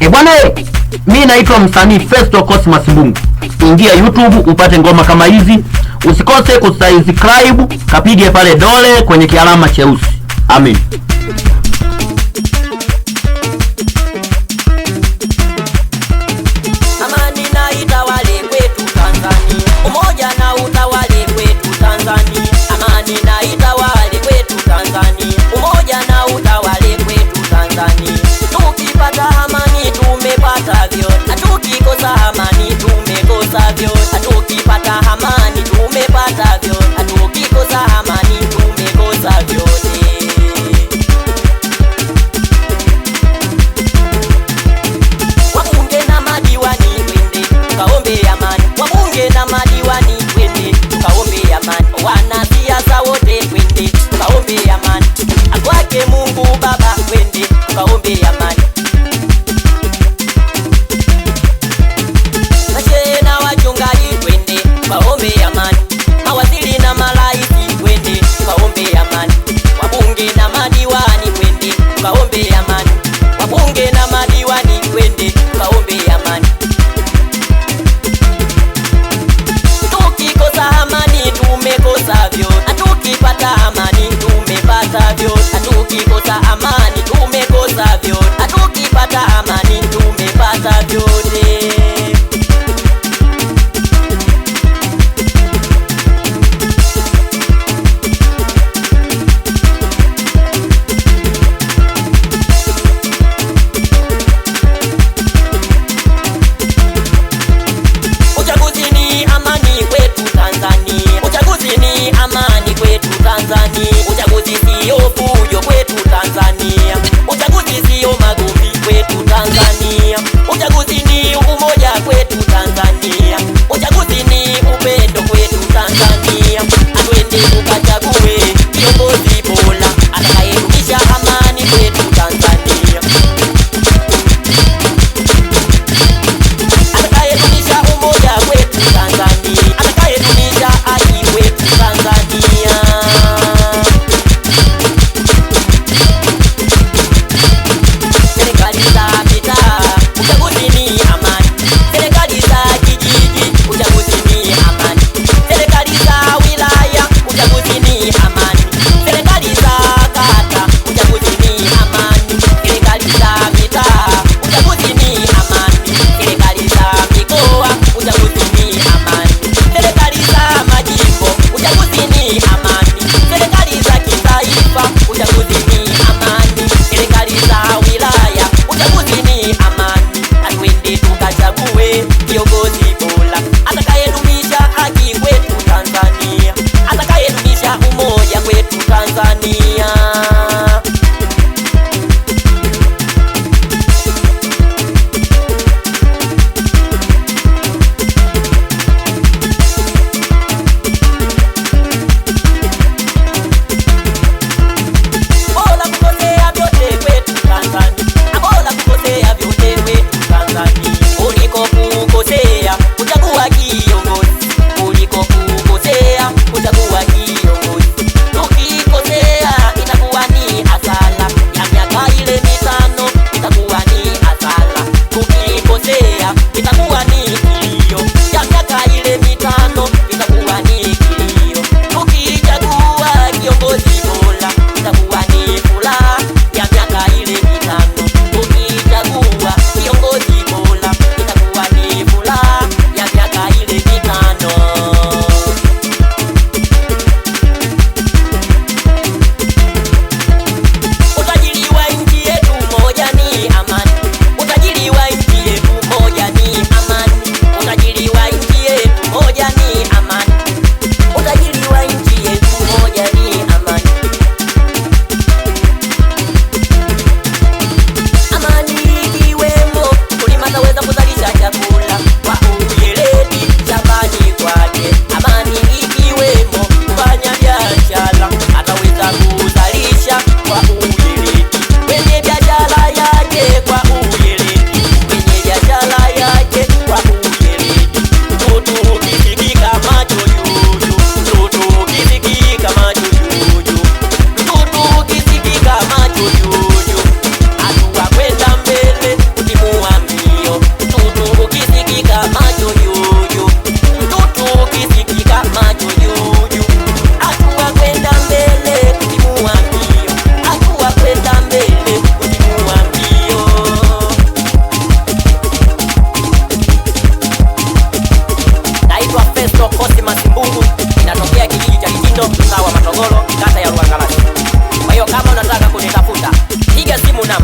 E bwana, mi naitwa msanii Festo Cosmas bung Ingia YouTube upate ngoma kama hizi, usikose kusubscribe, kapige pale dole kwenye kialama cheusi. Amen. I'm. I it.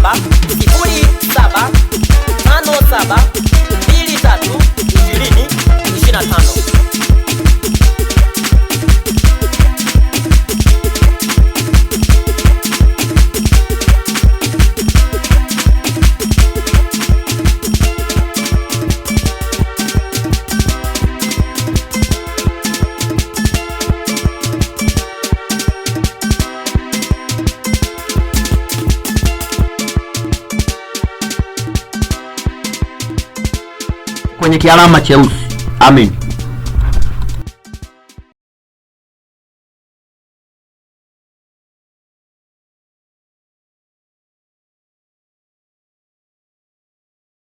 맘 que Alan Mateus. Amém.